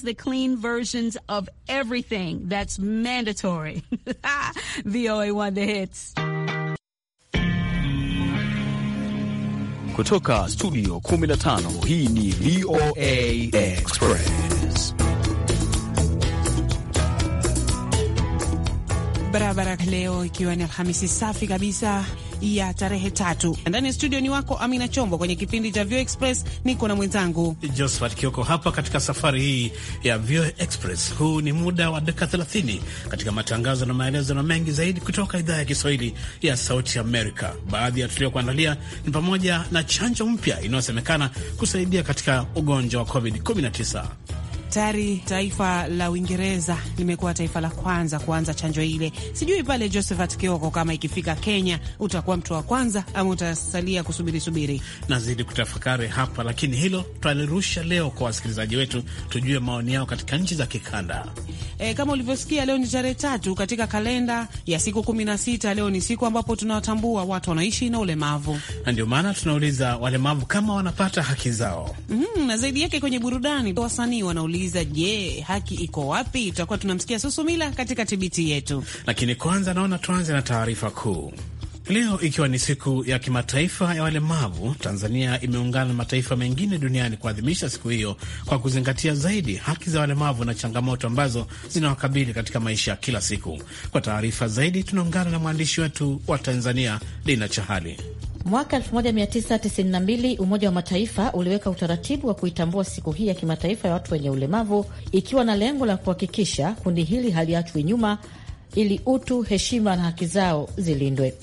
the clean versions of everything that's mandatory. VOA One The Hits. Kutoka studio 15 hii ni VOA Express. barabara leo, ikiwa ni Alhamisi safi kabisa ya tarehe tatu. Ndani ya studio ni wako Amina Chombo kwenye kipindi cha Vio Express, niko na mwenzangu Josephat Kioko hapa katika safari hii ya Vio Express. Huu ni muda wa dakika 30 katika matangazo na maelezo na mengi zaidi kutoka idhaa ya Kiswahili ya Sauti Amerika. Baadhi ya tuliokuandalia ni pamoja na chanjo mpya inayosemekana kusaidia katika ugonjwa wa COVID-19 tayari taifa la Uingereza limekuwa taifa la kwanza kuanza chanjo ile. Sijui pale Josephat Kioko, kama ikifika Kenya utakuwa mtu wa kwanza ama utasalia kusubiri subiri? Nazidi kutafakari hapa, lakini hilo twalirusha leo kwa wasikilizaji wetu, tujue maoni yao katika nchi za kikanda. E, kama ulivyosikia leo ni tarehe tatu katika kalenda ya siku kumi na sita. Leo ni siku ambapo tunawatambua watu wanaishi na ulemavu, na ndio maana tunauliza walemavu kama wanapata haki zao. Mm, na zaidi yake kwenye burudani wasanii wanauliza kuuliza je, haki iko wapi? Tutakuwa tunamsikia Susumila katika tibiti yetu, lakini kwanza naona tuanze na taarifa kuu. Leo ikiwa ni siku ya kimataifa ya walemavu, Tanzania imeungana na mataifa mengine duniani kuadhimisha siku hiyo kwa kuzingatia zaidi haki za walemavu na changamoto ambazo zinawakabili katika maisha ya kila siku. Kwa taarifa zaidi, tunaungana na mwandishi wetu wa Tanzania, Dina Chahali. Mwaka 1992 Umoja wa Mataifa uliweka utaratibu wa kuitambua siku hii ya kimataifa ya watu wenye ulemavu ikiwa na lengo la kuhakikisha kundi hili haliachwi nyuma ili utu, heshima na haki zao zilindwe.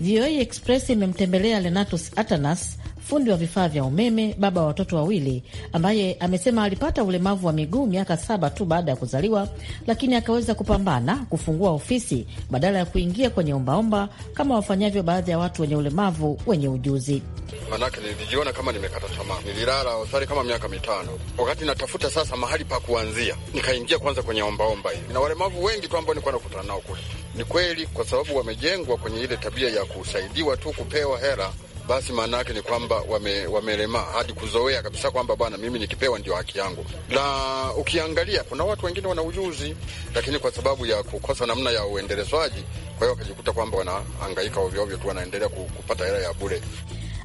VOA Express imemtembelea Lenatus Atanas, fundi wa vifaa vya umeme, baba wa watoto wawili, ambaye amesema alipata ulemavu wa miguu miaka saba tu baada ya kuzaliwa, lakini akaweza kupambana kufungua ofisi badala ya kuingia kwenye ombaomba kama wafanyavyo baadhi ya watu wenye ulemavu wenye ujuzi. Manake nilijiona kama nimekata tamaa, nililala hospitali kama miaka mitano, wakati natafuta sasa mahali pa kuanzia, nikaingia kwanza kwenye ombaomba hii, na walemavu wengi tu ambao nilikuwa nakutana nao kule ni kweli, kwa sababu wamejengwa kwenye ile tabia ya kusaidiwa tu, kupewa hela basi maana yake ni kwamba wame, wamelemaa hadi kuzoea kabisa kwamba bwana, mimi nikipewa ndio haki yangu. Na ukiangalia kuna watu wengine wana ujuzi, lakini kwa sababu ya kukosa namna ya uendelezwaji, kwa hiyo wakajikuta kwamba wanahangaika ovyoovyo tu, wanaendelea kupata hela ya bure.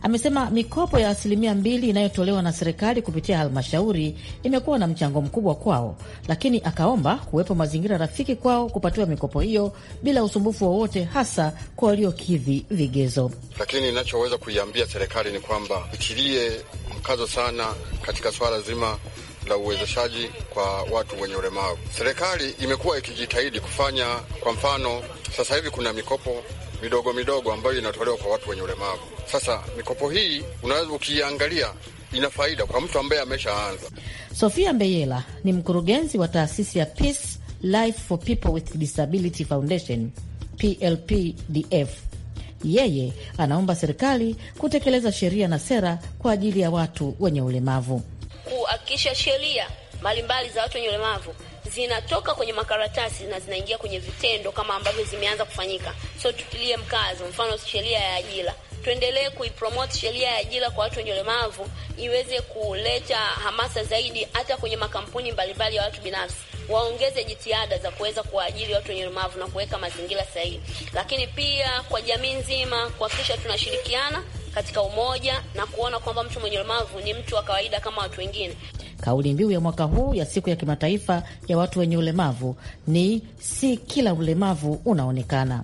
Amesema mikopo ya asilimia mbili inayotolewa na serikali kupitia halmashauri imekuwa na mchango mkubwa kwao, lakini akaomba kuwepo mazingira rafiki kwao kupatiwa mikopo hiyo bila usumbufu wowote, hasa kwa waliokidhi vigezo. Lakini inachoweza kuiambia serikali ni kwamba itilie mkazo sana katika swala zima la uwezeshaji kwa watu wenye ulemavu. Serikali imekuwa ikijitahidi kufanya, kwa mfano sasa hivi kuna mikopo midogo midogo ambayo inatolewa kwa watu wenye ulemavu. Sasa mikopo hii unaweza ukiiangalia ina faida kwa mtu ambaye ameshaanza. Sofia Mbeyela ni mkurugenzi wa taasisi ya Peace Life for People with Disability Foundation, PLPDF. Yeye anaomba serikali kutekeleza sheria na sera kwa ajili ya watu wenye ulemavu, kuhakikisha sheria mbalimbali za watu wenye ulemavu zinatoka kwenye makaratasi na zinaingia kwenye vitendo kama ambavyo zimeanza kufanyika. So tutilie mkazo, mfano sheria ya ajira tuendelee kuipromote sheria ya ajira kwa watu wenye ulemavu iweze kuleta hamasa zaidi, hata kwenye makampuni mbalimbali ya watu binafsi waongeze jitihada za kuweza kuwaajiri watu wenye ulemavu na kuweka mazingira sahihi. Lakini pia kwa jamii nzima kuhakikisha tunashirikiana katika umoja na kuona kwamba mtu mwenye ulemavu ni mtu wa kawaida kama watu wengine. Kauli mbiu ya mwaka huu ya siku ya kimataifa ya watu wenye ulemavu ni si kila ulemavu unaonekana.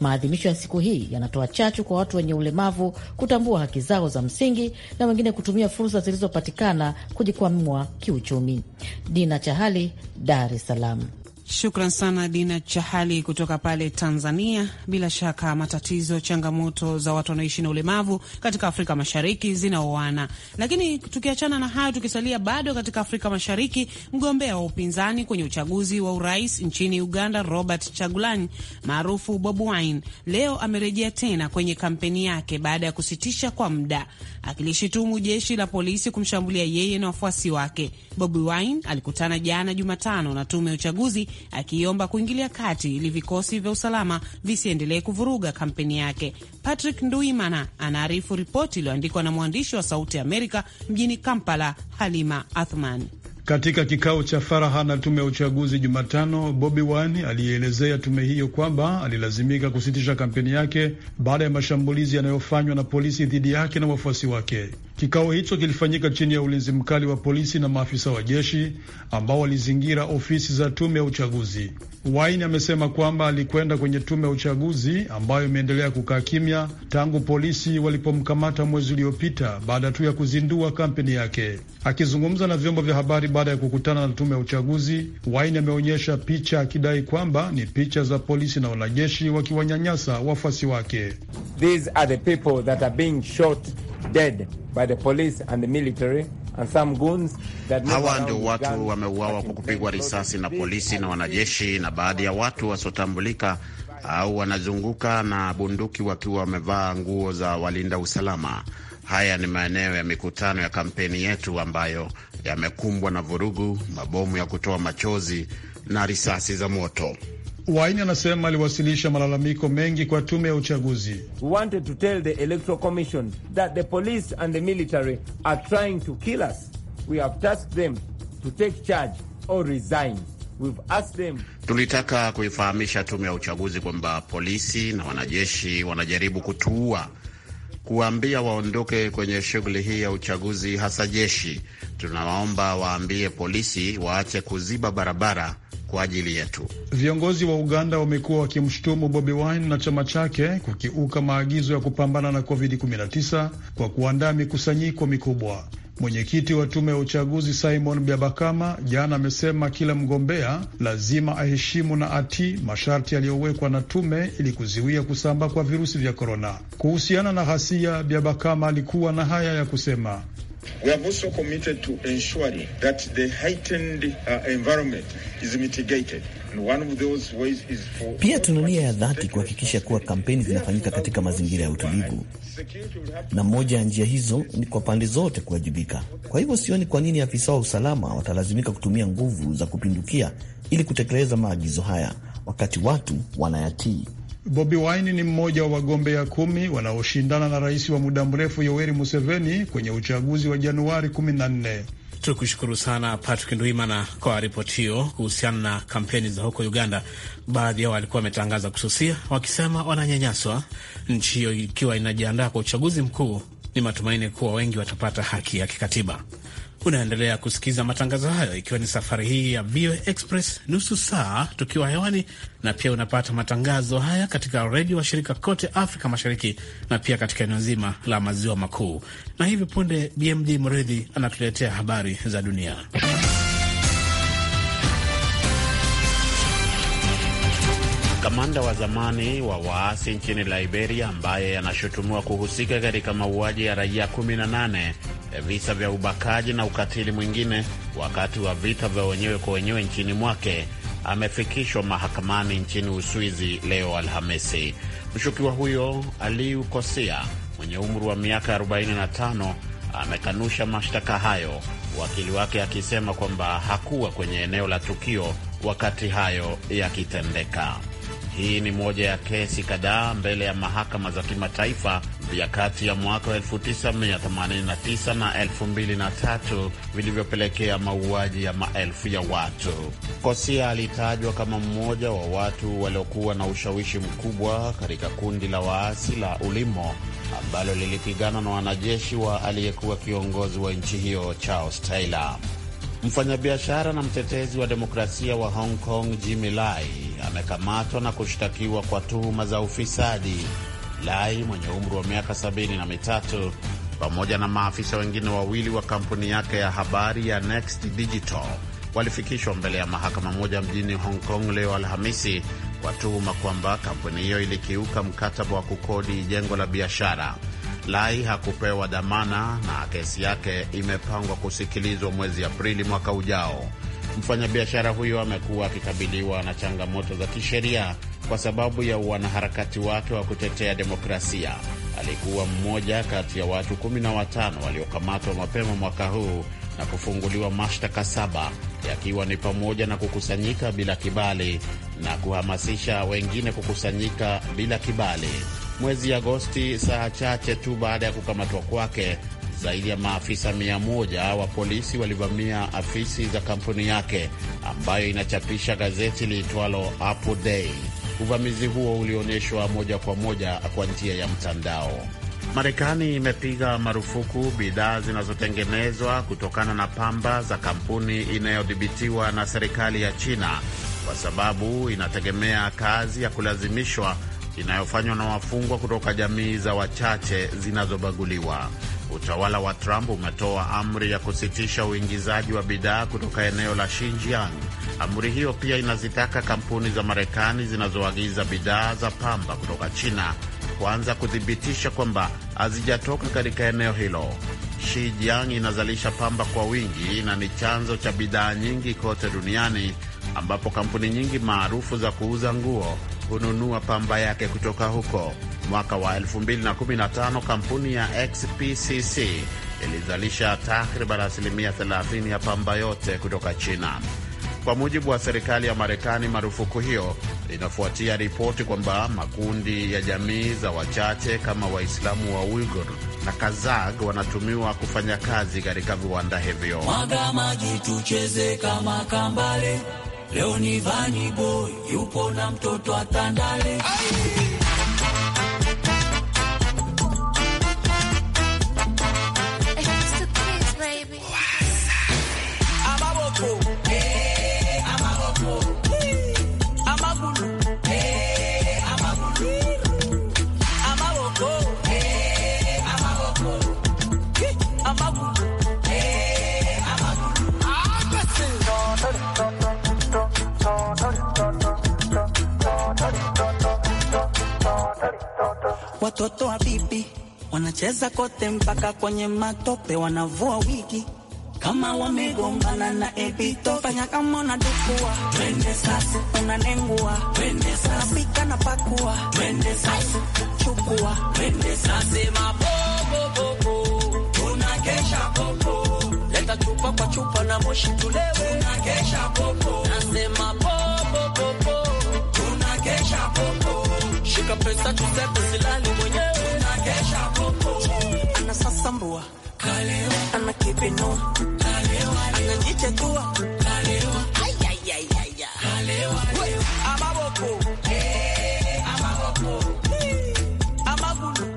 Maadhimisho ya siku hii yanatoa chachu kwa watu wenye ulemavu kutambua haki zao za msingi na wengine kutumia fursa zilizopatikana kujikwamua kiuchumi. Dina Chahali, Dar es Salaam. Shukran sana Dina Chahali kutoka pale Tanzania. Bila shaka matatizo, changamoto za watu wanaoishi na ulemavu katika Afrika Mashariki zinaoana. Lakini tukiachana na hayo, tukisalia bado katika Afrika Mashariki, mgombea wa upinzani kwenye uchaguzi wa urais nchini Uganda, Robert Chagulani maarufu bob Wine, leo amerejea tena kwenye kampeni yake baada ya kusitisha kwa muda, akilishitumu jeshi la polisi kumshambulia yeye na wafuasi wake. Bobi Wine alikutana jana Jumatano na tume ya uchaguzi akiomba kuingilia kati ili vikosi vya usalama visiendelee kuvuruga kampeni yake. Patrick Nduimana anaarifu ripoti iliyoandikwa na mwandishi wa Sauti Amerika mjini Kampala, Halima Athman. Katika kikao cha faraha na tume ya uchaguzi Jumatano, Bobi Wine aliyeelezea tume hiyo kwamba alilazimika kusitisha kampeni yake baada ya mashambulizi yanayofanywa na polisi dhidi yake na wafuasi wake. Kikao hicho kilifanyika chini ya ulinzi mkali wa polisi na maafisa wa jeshi ambao walizingira ofisi za tume ya uchaguzi. wain amesema kwamba alikwenda kwenye tume ya uchaguzi ambayo imeendelea kukaa kimya tangu polisi walipomkamata mwezi uliopita baada tu ya kuzindua kampeni yake. Akizungumza na vyombo vya habari baada ya kukutana na tume ya uchaguzi, wain ameonyesha picha akidai kwamba ni picha za polisi na wanajeshi wakiwanyanyasa wafuasi wake. These are the people that are being shot Hawa ndio watu wameuawa kwa kupigwa risasi na polisi na wanajeshi, na baadhi ya watu wasiotambulika au wanazunguka na bunduki wakiwa wamevaa nguo za walinda usalama. Haya ni maeneo ya mikutano ya kampeni yetu ambayo yamekumbwa na vurugu, mabomu ya kutoa machozi na risasi za moto. Waini anasema aliwasilisha malalamiko mengi kwa tume ya uchaguzi. Tulitaka kuifahamisha tume ya uchaguzi kwamba polisi na wanajeshi wanajaribu kutuua, kuwaambia waondoke kwenye shughuli hii ya uchaguzi, hasa jeshi. Tunawaomba waambie polisi waache kuziba barabara kwa ajili yetu. Viongozi wa Uganda wamekuwa wakimshutumu Bobi Wine na chama chake kukiuka maagizo ya kupambana na COVID-19 kwa kuandaa mikusanyiko mikubwa. Mwenyekiti wa tume ya uchaguzi Simon Byabakama jana amesema kila mgombea lazima aheshimu na atii masharti yaliyowekwa na tume ili kuziwia kusambaa kwa virusi vya korona. Kuhusiana na ghasia, Byabakama alikuwa na haya ya kusema: We have also committed to ensuring that the heightened uh, environment is mitigated. Pia tuna nia ya dhati kuhakikisha kuwa kampeni zinafanyika katika mazingira ya utulivu, na moja ya njia hizo ni kwa pande zote kuwajibika. Kwa hivyo sioni kwa nini afisa wa usalama watalazimika kutumia nguvu za kupindukia ili kutekeleza maagizo haya wakati watu wanayatii. Bobi Wine ni mmoja wa wagombea kumi wanaoshindana na rais wa muda mrefu Yoweri Museveni kwenye uchaguzi wa Januari 14. Tukushukuru sana Patrick Ndwimana kwa ripoti hiyo kuhusiana na kampeni za huko Uganda. Baadhi yao walikuwa wametangaza kususia, wakisema wananyanyaswa. Nchi hiyo ikiwa inajiandaa kwa uchaguzi mkuu, ni matumaini kuwa wengi watapata haki ya kikatiba. Unaendelea kusikiza matangazo hayo, ikiwa ni safari hii ya VOA Express nusu saa tukiwa hewani, na pia unapata matangazo haya katika redio wa shirika kote Afrika Mashariki na pia katika eneo zima la maziwa makuu. Na hivi punde bmj Mridhi anatuletea habari za dunia. Kamanda wa zamani wa waasi nchini Liberia ambaye anashutumiwa kuhusika katika mauaji ya raia 18, visa vya ubakaji na ukatili mwingine wakati wa vita vya wenyewe kwa wenyewe nchini mwake amefikishwa mahakamani nchini Uswizi leo Alhamisi. Mshukiwa huyo Aliu Kosia mwenye umri wa miaka 45 amekanusha mashtaka hayo, wakili wake akisema kwamba hakuwa kwenye eneo la tukio wakati hayo yakitendeka. Hii ni moja ya kesi kadhaa mbele ya mahakama za kimataifa vya kati ya mwaka 989 1989 na 2003 vilivyopelekea mauaji ya maelfu ya watu. Kosia alitajwa kama mmoja wa watu waliokuwa na ushawishi mkubwa katika kundi la waasi la Ulimo ambalo lilipigana na wanajeshi wa aliyekuwa kiongozi wa nchi hiyo Charles Taylor. Mfanyabiashara na mtetezi wa demokrasia wa Hong Kong Jimmy Lai amekamatwa na kushtakiwa kwa tuhuma za ufisadi. Lai mwenye umri wa miaka sabini na mitatu pamoja na maafisa wengine wawili wa kampuni yake ya habari ya Next Digital walifikishwa mbele ya mahakama moja mjini Hong Kong leo Alhamisi kwa tuhuma kwamba kampuni hiyo ilikiuka mkataba wa kukodi jengo la biashara. Lai hakupewa dhamana na kesi yake imepangwa kusikilizwa mwezi Aprili mwaka ujao. Mfanyabiashara huyo amekuwa akikabiliwa na changamoto za kisheria kwa sababu ya wanaharakati wake wa kutetea demokrasia. Alikuwa mmoja kati ya watu kumi na watano waliokamatwa mapema mwaka huu na kufunguliwa mashtaka saba yakiwa ni pamoja na kukusanyika bila kibali na kuhamasisha wengine kukusanyika bila kibali mwezi Agosti, saa chache tu baada ya kukamatwa kwake. Zaidi ya maafisa mia moja wa polisi walivamia afisi za kampuni yake ambayo inachapisha gazeti liitwalo Apple Day. Uvamizi huo ulionyeshwa moja kwa moja kwa njia ya mtandao. Marekani imepiga marufuku bidhaa zinazotengenezwa kutokana na pamba za kampuni inayodhibitiwa na serikali ya China kwa sababu inategemea kazi ya kulazimishwa inayofanywa na wafungwa kutoka jamii za wachache zinazobaguliwa. Utawala wa Trump umetoa amri ya kusitisha uingizaji wa bidhaa kutoka eneo la Xinjiang. Amri hiyo pia inazitaka kampuni za Marekani zinazoagiza bidhaa za pamba kutoka China kuanza kuthibitisha kwamba hazijatoka katika eneo hilo. Xinjiang inazalisha pamba kwa wingi na ni chanzo cha bidhaa nyingi kote duniani ambapo kampuni nyingi maarufu za kuuza nguo hununua pamba yake kutoka huko. Mwaka wa 2015 kampuni ya XPCC ilizalisha takriban asilimia 30 ya pamba yote kutoka China. Kwa mujibu wa serikali ya Marekani, marufuku hiyo inafuatia ripoti kwamba makundi ya jamii za wachache kama Waislamu wa Uighur na Kazakh wanatumiwa kufanya kazi katika viwanda hivyo. Mwaga maji tucheze kama kambale leo ni vani boy yupo na mtoto atandale watoto wa bibi wanacheza kote mpaka kwenye matope, wanavua wiki kama wamegombana na ebito, fanya kama unadukua, twende sasa, unanengua, twende sasa, pika na pakua, twende sasa, chukua, twende sasa, mapopo kesha popo, leta chupa kwa chupa na moshi tulewe, kesha popo Shika pesa tusepe silali mwenyewe na kesha Ana sasa mbua. Kalewa. Ana Kalewa. Ana jichetua. Kalewa.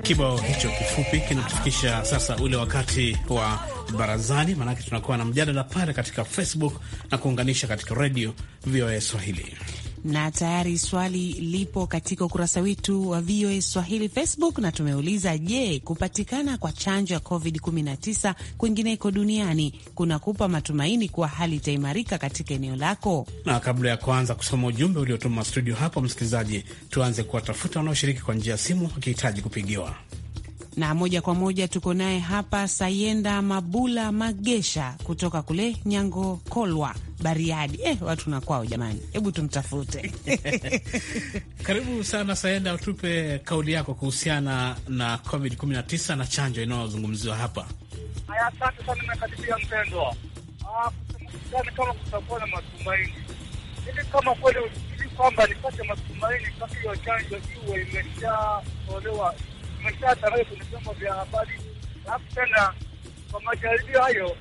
Kibao hicho kifupi kinatufikisha sasa ule wakati wa barazani, maanake tunakuwa na mjadala pale katika Facebook na kuunganisha katika redio VOA Swahili na tayari swali lipo katika ukurasa wetu wa VOA Swahili Facebook, na tumeuliza je, kupatikana kwa chanjo ya COVID-19 kwingineko duniani kunakupa matumaini kuwa hali itaimarika katika eneo lako? Na kabla ya kuanza kusoma ujumbe uliotuma studio hapo, msikilizaji, tuanze kuwatafuta wanaoshiriki kwa njia ya simu wakihitaji kupigiwa na moja kwa moja tuko naye hapa Sayenda Mabula Magesha kutoka kule Nyango Kolwa, Bariadi. Eh, watu na kwao jamani, hebu tumtafute. Karibu sana Sayenda, utupe kauli yako kuhusiana na COVID 19 na chanjo inayozungumziwa hapa. Haya, asante sana mpendwa. Ah, kama kutakuwa na matumaini hivi, kama kweli ili kwamba nipate matumaini, kama hiyo chanjo iwe imeshatolewa mashata hayo kwenye vyombo vya habari, halafu tena kwa majaribio hayo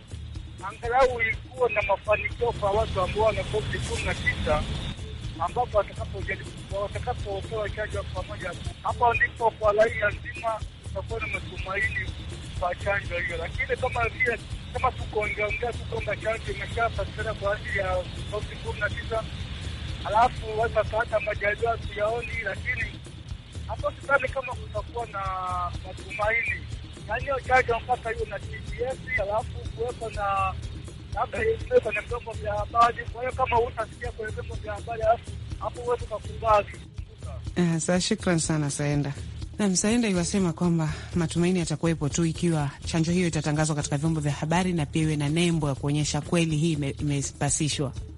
angalau ilikuwa na mafanikio kwa watu ambao wana COVID kumi na tisa ambapo watakapopewa chanjo pamoja. Hapo ndipo kwa raia nzima utakuwa na matumaini kwa chanjo hiyo, lakini kama vile kama tukuongeaongea tu kwamba chanjo imeshapatikana kwa ajili ya COVID kumi na tisa alafu watu wakapata majaribio hatuyaoni, lakini hapo sidhani kama kutakuwa na matumaini, na hiyo chanjo mpaka hiyo na TBS, alafu kuwepo na labda iwe kwenye vyombo vya habari. Kwa hiyo kama utasikia kwenye vyombo vya habari, alafu hapo huwezi ukakumbali. Eh, sasa shukran sana Saenda na Msaenda iwasema kwamba matumaini yatakuwepo tu ikiwa chanjo hiyo itatangazwa katika vyombo vya habari na pia iwe na nembo ya kuonyesha kweli hii imepasishwa ime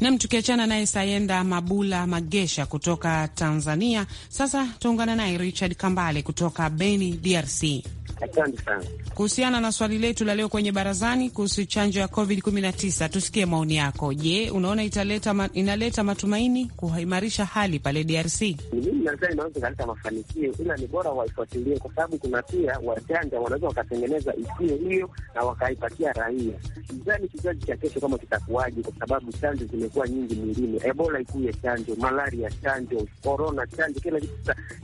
Nam, tukiachana naye Sayenda Mabula Magesha kutoka Tanzania, sasa tuungana naye Richard Kambale kutoka Beni, DRC. Asante sana. Kuhusiana na swali letu la leo kwenye barazani kuhusu chanjo ya Covid 19, tusikie maoni yako. Je, unaona italeta ma, inaleta matumaini kuimarisha hali pale DRC? Mimi nadhani inaweza ikaleta mafanikio, ila ni bora waifuatilie, kwa sababu kuna pia wajanja wanaweza wakatengeneza isiyo hiyo na wakaipatia raia. Sidhani kizazi cha kesho kama kitakuwaje, kwa sababu chanjo zimekuwa nyingi mwilini. Ebola ikuye chanjo, malaria chanjo, korona chanjo, kila kitu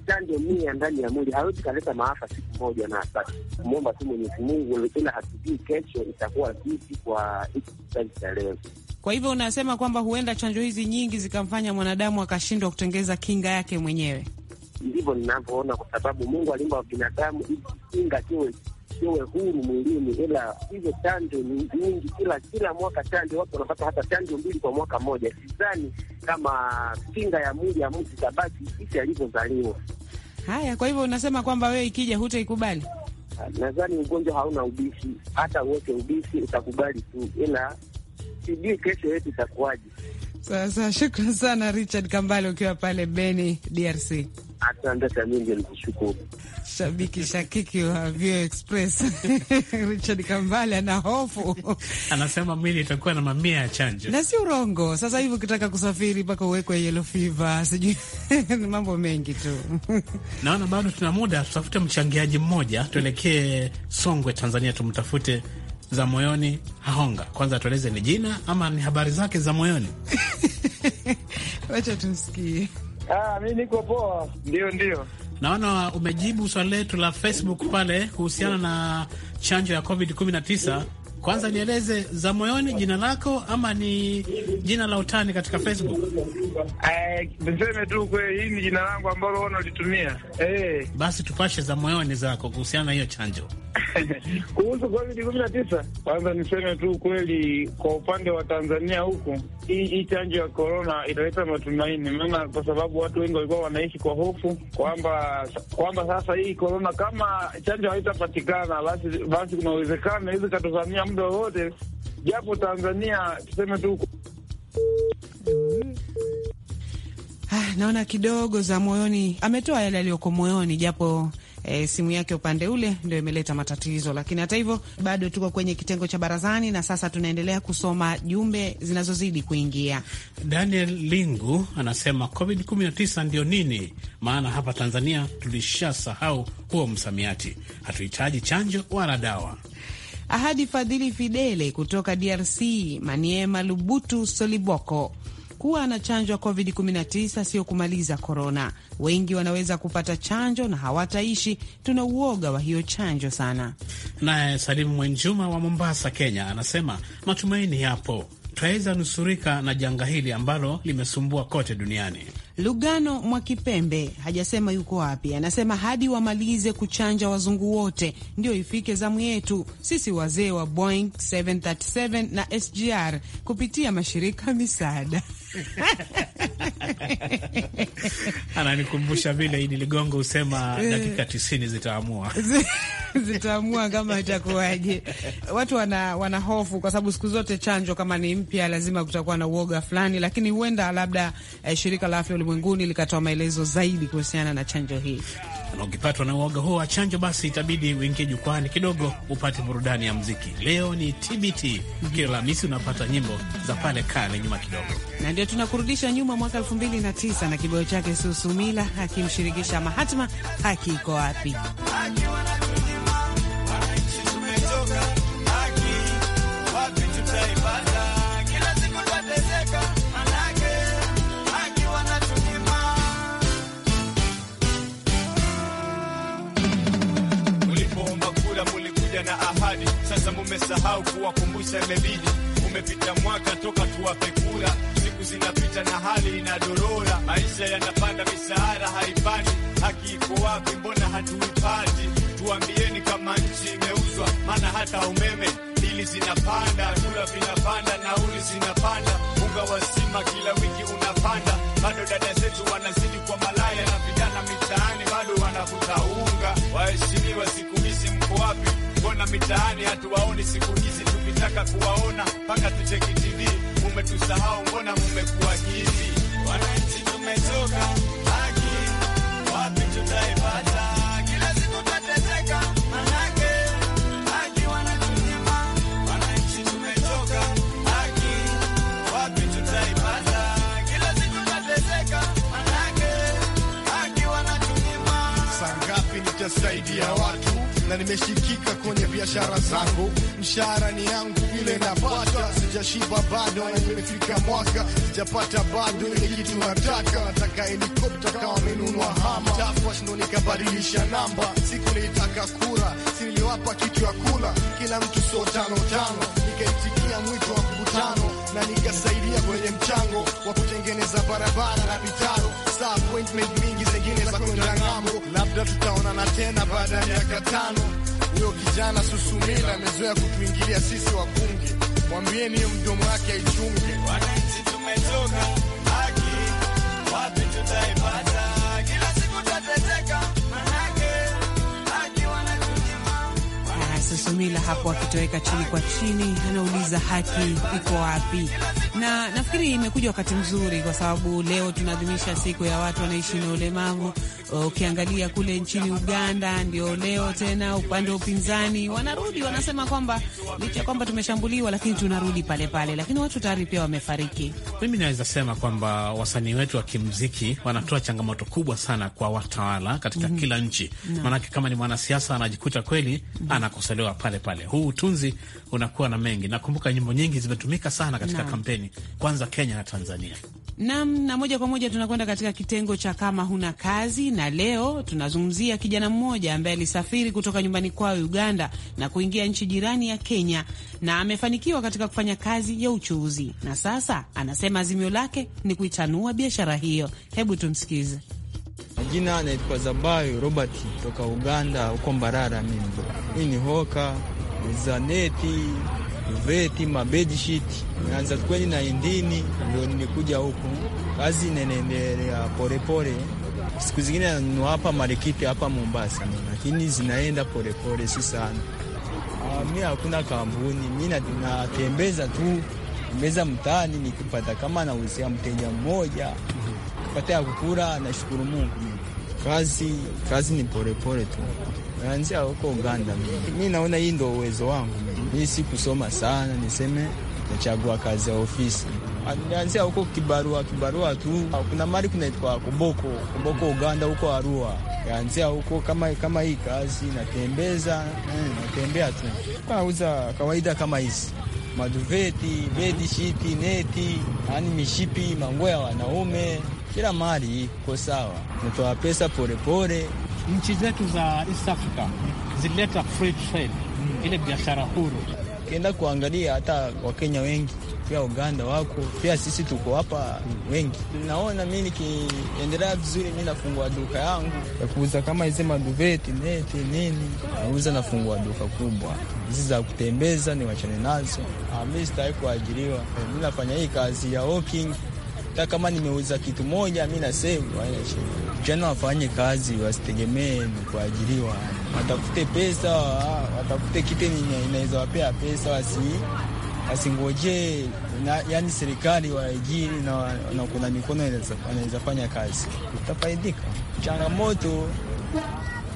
chanjo mia ndani ya mwili hawezi kaleta maafa siku moja na hasa kumwomba tu Mwenyezi Mungu, ila hatujui kesho itakuwa vipi kwa hiki kizazi cha leo. Kwa hivyo unasema kwamba huenda chanjo hizi nyingi zikamfanya mwanadamu akashindwa kutengeza kinga yake mwenyewe? Ndivyo ninavyoona, kwa sababu Mungu alimba binadamu ili kinga kiwe kiwe huru mwilini, ila hizo chanjo ni nyingi. Kila kila mwaka chanjo, watu wanapata hata chanjo mbili kwa mwaka mmoja. Sidhani kama kinga ya mwili ya mtu itabaki isi alivyozaliwa. Haya, kwa hivyo unasema kwamba wewe ikija hutaikubali? Uh, nadhani ugonjwa hauna ubishi, hata uweke ubishi utakubali tu, ila sijui kesho yetu itakuwaje. Sasa shukran sana Richard Kambale ukiwa pale Beni, DRC. Asante Kamili, nikushukuru. Shabiki shakiki wa Vio Express Richard Kambale ana hofu anasema mwili itakuwa na mamia ya chanjo na si urongo. Sasa hivi ukitaka kusafiri mpaka uwekwe yellow fever, sijui ni mambo mengi tu. Naona bado tuna muda, tutafute mchangiaji mmoja, tuelekee Songwe, Tanzania, tumtafute za moyoni Haonga. Kwanza tueleze ni jina ama ni habari zake za moyoni. Wacha tumsikie. Ah, mi niko poa. Ndio, ndio. Naona umejibu swali letu la Facebook pale kuhusiana na chanjo ya COVID 19. Kwanza nieleze za moyoni, jina lako ama ni jina la utani katika Facebook? Eh, niseme tu kweli, hii ni jina langu ambalo nalitumia Eh, basi tupashe za moyoni zako kuhusiana na hiyo chanjo kuhusu COVID kumi na tisa. Kwanza niseme tu kweli, kwa upande wa Tanzania huku, hii chanjo ya korona italeta matumaini, maana kwa sababu watu wengi walikuwa wanaishi kwa hofu kwamba kwamba sasa hii korona, kama chanjo haitapatikana, basi basi kuna uwezekano hizi katuvamia muda wowote, japo Tanzania tuseme tu Ah, naona kidogo za moyoni ametoa yale aliyoko moyoni japo E, simu yake upande ule ndio imeleta matatizo, lakini hata hivyo bado tuko kwenye kitengo cha barazani, na sasa tunaendelea kusoma jumbe zinazozidi kuingia. Daniel Lingu anasema Covid 19 ndio nini? Maana hapa Tanzania tulishasahau huo msamiati, hatuhitaji chanjo wala dawa. Ahadi Fadhili Fidele kutoka DRC, Maniema Lubutu Soliboko kuwa na chanjo ya COVID-19 sio kumaliza korona. Wengi wanaweza kupata chanjo na hawataishi, tuna uoga wa hiyo chanjo sana. Naye Salimu Mwenjuma wa Mombasa, Kenya, anasema matumaini yapo, twaweza nusurika na janga hili ambalo limesumbua kote duniani. Lugano Mwakipembe hajasema yuko wapi, anasema hadi wamalize kuchanja wazungu wote ndio ifike zamu yetu sisi wazee wa Boeing 737 na SGR kupitia mashirika misaada. Ananikumbusha vile Idi Ligongo husema dakika tisini zitaamua zitaamua kama itakuwaje. Watu wana, wana hofu kwa sababu siku zote chanjo kama ni mpya lazima kutakuwa na uoga fulani, lakini huenda labda eh, shirika la afya ulimwenguni likatoa maelezo zaidi kuhusiana na chanjo hii. Na ukipatwa na uoga huo wa chanjo, basi itabidi uingie jukwani kidogo upate burudani ya mziki. Leo ni TBT. Kila Alhamisi unapata nyimbo za pale kale nyuma kidogo, na ndio tunakurudisha nyuma mwaka elfu mbili na tisa na kibao chake Susumila akimshirikisha Mahatma. Haki iko wapi? au kuwakumbusha imebidi. Umepita mwaka toka tuwape kula, siku zinapita na hali inadorora, maisha yanapanda, mishahara haipati, haki iko wapi? Mbona hatuipati? Tuambieni kama nchi imeuzwa, maana hata umeme bili zinapanda, kula vinapanda, nauli zinapanda, unga wa sima kila wiki unapanda, bado dada zetu wanazidi kwa malaya na vijana mitaani bado wanavuta unga. Waheshimiwa, siku hizi mko wapi? mbona mitaani hatuwaoni siku hizi? Tukitaka kuwaona mpaka tucheki TV. Umetusahau mbona mmekuwa hivi? Wananchi tumetoka, haki wapi tutaipata? Kila siku tateseka, manake haki wanatunyima. Wananchi tumetoka, haki wapi tutaipata? Kila siku tateseka, manake haki wanatunyima. Sangapi nitasaidia wana na nimeshikika kwenye biashara zangu, mshahara ni yangu ile napata, sijashiba bado na nimefika mwaka, sijapata bado ile kitu nataka. Nataka helikopta kama amenunua hama tafashno, nikabadilisha namba, siku nilitaka kura, si niliwapa kitu ya kula, kila mtu sio tano tano, nikaitikia mwito wa mkutano na nikasaidia kwenye mchango wa kutengeneza barabara na mitaro sa appointment mingi zingine za kwenda ng'ambo. Labda tutaonana tena baada ya miaka tano. Huyo kijana Susumila amezoea kutuingilia sisi wakungi, mwambieni hiyo mdomo wake aichunge. Wananchi tumetoka, haki wapi tutaipata? Susumila hapo akitoweka chini kwa chini, anauliza haki iko wapi? Na nafikiri imekuja wakati mzuri, kwa sababu leo tunaadhimisha siku ya watu wanaishi na ulemavu, Ukiangalia kule nchini Uganda, ndio leo tena upande wa upinzani wanarudi wanasema kwamba licha kwamba tumeshambuliwa, lakini tunarudi pale pale, lakini watu tayari pia wamefariki. Mimi naweza sema kwamba wasanii wetu wa kimziki wanatoa changamoto kubwa sana kwa watawala katika mm -hmm. kila nchi no. Maanake kama ni mwanasiasa anajikuta kweli mm -hmm. anakosolewa pale pale. Huu utunzi unakuwa na mengi. Nakumbuka nyimbo nyingi zimetumika sana katika no. kampeni, kwanza Kenya na Tanzania nam na moja kwa moja tunakwenda katika kitengo cha kama huna kazi na leo tunazungumzia kijana mmoja ambaye alisafiri kutoka nyumbani kwao Uganda na kuingia nchi jirani ya Kenya na amefanikiwa katika kufanya kazi ya uchuuzi, na sasa anasema azimio lake ni kuitanua biashara hiyo. Hebu tumsikize. majina anaitwa Zabayo Robert toka Uganda, huko Mbarara. Mimi hii ni hoka zaneti veti mabedshit naanza kweli na indini, ndio nimekuja huku, kazi inaendelea polepole siku zingine ni hapa Marikiti hapa Mombasa, lakini zinaenda polepole, si sana. Uh, mi hakuna kampuni, mi natembeza tu meza mtaani, nikipata kama nauzia mteja mmoja kupata ya kukula, nashukuru Mungu. Kazi kazi ni polepole tu, naanzia huko Uganda. Mi naona hii ndo uwezo wangu, mi si kusoma sana, niseme nachagua kazi ya ofisi alianzia huko kibarua kibarua tu. Kuna mali kunaitwa Koboko Koboko Uganda huko Arua, kaanzia huko kama kama hii kazi natembeza mm, natembea tu kauza kawaida kama hizi maduveti bedi neti ani mishipi manguo ya wanaume kila mali iko sawa, natoa pesa polepole. Nchi zetu za East Africa zileta free trade, mm. ile biashara huru. Kenda kuangalia hata Wakenya wengi pia Uganda wako pia, sisi tuko hapa wengi. Naona mi nikiendelea vizuri, mi nafungua duka yangu ya kuuza kama hizi maduveti neti nini, nauza nafungua duka kubwa. Hizi za kutembeza ni wachane nazo, ah, mi sitaki kuajiriwa. Mi nafanya hii kazi ya walking kama nimeuza kitu moja, mi nasema vijana wafanye kazi, wasitegemee kuajiriwa, watafute pesa, ah, watafute kitu inaweza wapea pesa, wasi asingojee na, yani serikali waajiri na, na kuna mikono anaweza fanya kazi, utafaidika. Changamoto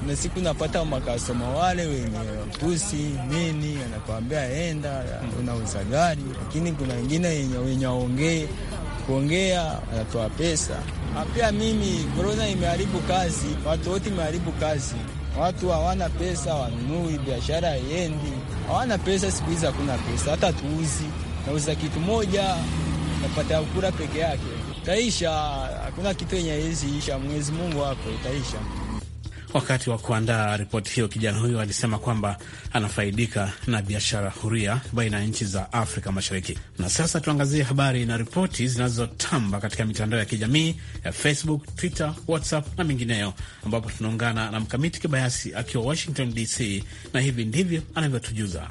na siku napata makasoma wale wenye pusi nini, anakwambia enda, unauza gari, lakini kuna wengine wenye wenye waongee kuongea, anatoa pesa. Pia mimi korona imeharibu kazi, watu wote imeharibu kazi. Watu hawana pesa, wanunui, biashara haiendi, hawana pesa. Siku hizi hakuna pesa, hata tuuzi, nauza kitu moja napata ukura peke yake, taisha. Hakuna kitu yenye hezi isha, Mwenyezi Mungu wako itaisha. Wakati wa kuandaa ripoti hiyo, kijana huyo alisema kwamba anafaidika na biashara huria baina ya nchi za Afrika Mashariki. Na sasa tuangazie habari na ripoti zinazotamba katika mitandao ya kijamii ya Facebook, Twitter, WhatsApp na mingineyo, ambapo tunaungana na Mkamiti Kibayasi akiwa Washington DC, na hivi ndivyo anavyotujuza.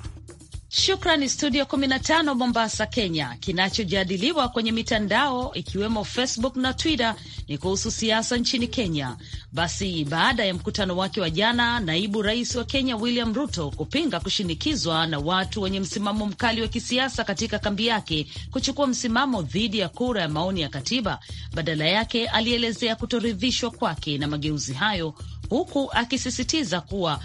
Shukrani studio 15 Mombasa, Kenya. Kinachojadiliwa kwenye mitandao ikiwemo Facebook na Twitter ni kuhusu siasa nchini Kenya. Basi baada ya mkutano wake wa jana, naibu rais wa Kenya William Ruto kupinga kushinikizwa na watu wenye msimamo mkali wa kisiasa katika kambi yake kuchukua msimamo dhidi ya kura ya maoni ya katiba, badala yake alielezea kutoridhishwa kwake na mageuzi hayo, huku akisisitiza kuwa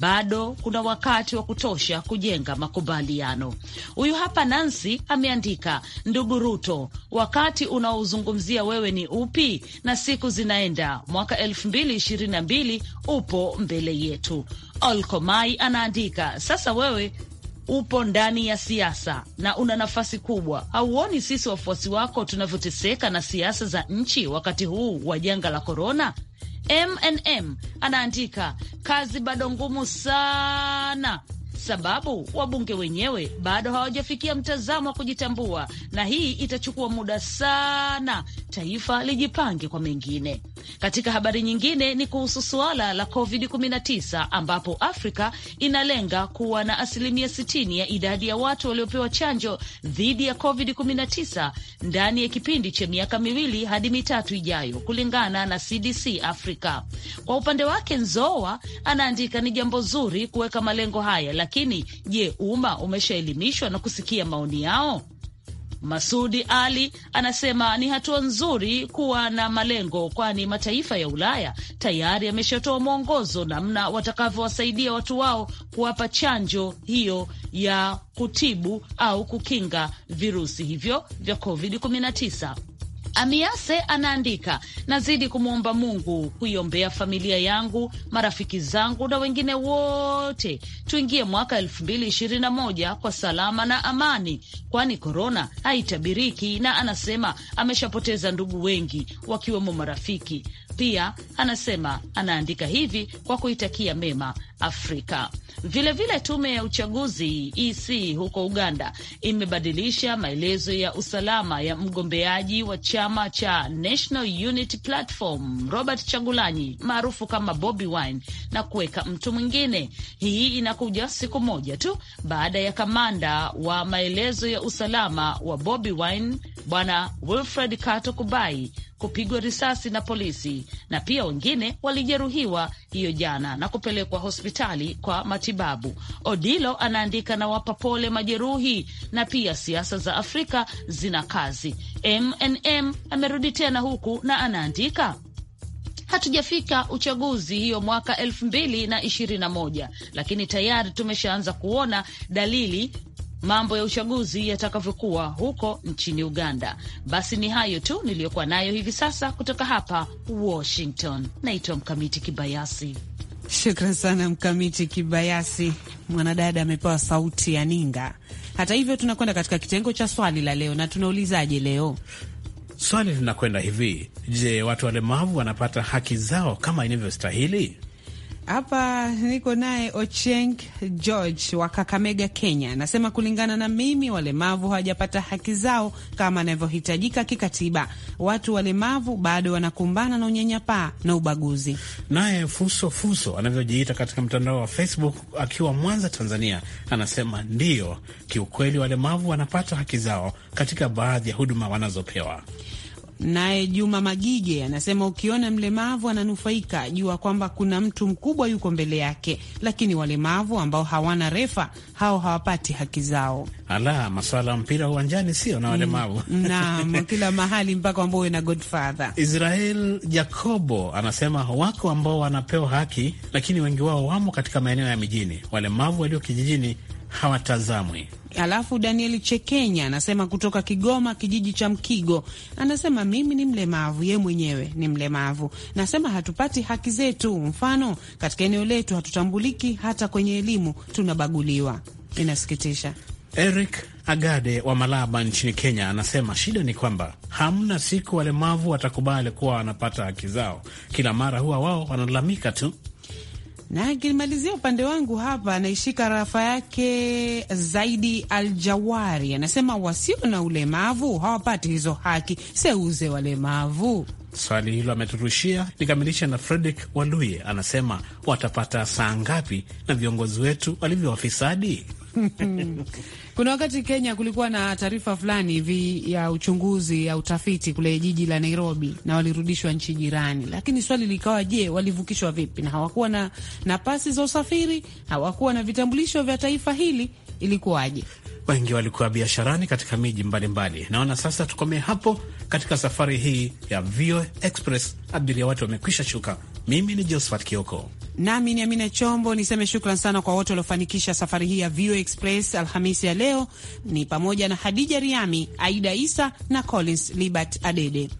bado kuna wakati wa kutosha kujenga makubaliano. Huyu hapa Nancy ameandika, ndugu Ruto, wakati unaozungumzia wewe ni upi? Na siku zinaenda, mwaka elfu mbili ishirini na mbili upo mbele yetu. Olkomai anaandika, sasa wewe upo ndani ya siasa na una nafasi kubwa. Hauoni sisi wafuasi wako tunavyoteseka na siasa za nchi wakati huu wa janga la korona? MNM anaandika kazi bado ngumu sana sababu wabunge wenyewe bado hawajafikia mtazamo wa kujitambua, na hii itachukua muda sana taifa lijipange kwa mengine. Katika habari nyingine ni kuhusu suala la COVID-19 ambapo Afrika inalenga kuwa na asilimia 60 ya idadi ya watu waliopewa chanjo dhidi ya COVID-19 ndani ya kipindi cha miaka miwili hadi mitatu ijayo, kulingana na CDC Afrika. Kwa upande wake, Nzoa anaandika ni jambo zuri kuweka malengo haya, lakini je, umma umeshaelimishwa na kusikia maoni yao? Masudi Ali anasema ni hatua nzuri kuwa na malengo, kwani mataifa ya Ulaya tayari yameshatoa mwongozo namna watakavyowasaidia watu wao kuwapa chanjo hiyo ya kutibu au kukinga virusi hivyo vya COVID-19. Amiase anaandika, nazidi kumwomba Mungu kuiombea familia yangu, marafiki zangu na wengine wote, tuingie mwaka elfu mbili ishirini na moja kwa salama na amani, kwani korona haitabiriki. Na anasema ameshapoteza ndugu wengi wakiwemo marafiki. Pia anasema anaandika hivi kwa kuitakia mema Afrika. Vilevile vile tume ya uchaguzi EC huko Uganda imebadilisha maelezo ya usalama ya mgombeaji wa chama cha National Unity Platform Robert Chagulanyi maarufu kama Bobi Wine na kuweka mtu mwingine. Hii inakuja siku moja tu baada ya kamanda wa maelezo ya usalama wa Bobi Wine Bwana Wilfred Kato Kubai kupigwa risasi na polisi na pia wengine walijeruhiwa hiyo jana na kupelekwa hospitali kwa matibabu. Odilo anaandika na wapa pole majeruhi, na pia siasa za Afrika zina kazi. MNM amerudi tena huku na anaandika Hatujafika uchaguzi hiyo mwaka elfu mbili na ishirini na moja, lakini tayari tumeshaanza kuona dalili mambo ya uchaguzi yatakavyokuwa huko nchini Uganda. Basi ni hayo tu niliyokuwa nayo hivi sasa kutoka hapa Washington. Naitwa Mkamiti Kibayasi. Shukran sana Mkamiti Kibayasi. Mwanadada amepewa sauti ya ninga. Hata hivyo, tunakwenda katika kitengo cha swali la leo, na tunaulizaje leo? Swali linakwenda hivi: Je, watu walemavu wanapata haki zao kama inavyostahili? Hapa niko naye Ocheng George wa Kakamega, Kenya. Anasema kulingana na mimi, walemavu hawajapata haki zao kama anavyohitajika kikatiba. Watu walemavu bado wanakumbana na unyanyapaa na ubaguzi. Naye Fuso Fuso anavyojiita katika mtandao wa Facebook akiwa Mwanza, Tanzania, anasema ndiyo, kiukweli walemavu wanapata haki zao katika baadhi ya huduma wanazopewa. Naye Juma Magige anasema ukiona mlemavu ananufaika, jua kwamba kuna mtu mkubwa yuko mbele yake, lakini walemavu ambao hawana refa hao hawapati haki zao. Ala, maswala ya mpira uwanjani sio na mm, walemavu mm, naam kila mahali mpaka ambao na godfather. Israel Jacobo anasema wako ambao wanapewa haki, lakini wengi wao wamo katika maeneo ya mijini. Walemavu walio kijijini hawatazamwi. Alafu Daniel Chekenya anasema kutoka Kigoma, kijiji cha Mkigo, anasema mimi ni mlemavu, ye mwenyewe ni mlemavu. Nasema hatupati haki zetu, mfano katika eneo letu hatutambuliki, hata kwenye elimu tunabaguliwa, inasikitisha. Eric Agade wa Malaba nchini Kenya anasema shida ni kwamba hamna siku walemavu watakubali kuwa wanapata haki zao. Kila mara huwa wao wanalalamika tu na kimalizia upande wangu hapa, anaishika rafa yake zaidi Aljawari anasema wasio na ulemavu hawapati hizo haki, seuze walemavu. Swali hilo ameturushia nikamilisha na Fredrik Waluye anasema watapata saa ngapi na viongozi wetu walivyo wafisadi Kuna wakati Kenya kulikuwa na taarifa fulani hivi ya uchunguzi ya utafiti kule jiji la Nairobi, na walirudishwa nchi jirani, lakini swali likawa, je, walivukishwa vipi? Na hawakuwa na, na pasi za usafiri, hawakuwa na vitambulisho vya taifa hili, ilikuwaje? wengi walikuwa biasharani katika miji mbalimbali. Naona sasa tukomee hapo katika safari hii ya VOA Express. Abiria watu wamekwisha shuka. Mimi ni Josephat Kioko nami ni Amina Chombo. Niseme shukran sana kwa wote waliofanikisha safari hii ya VOA Express Alhamisi ya leo, ni pamoja na Hadija Riami, Aida Isa na Collins Libert Adede.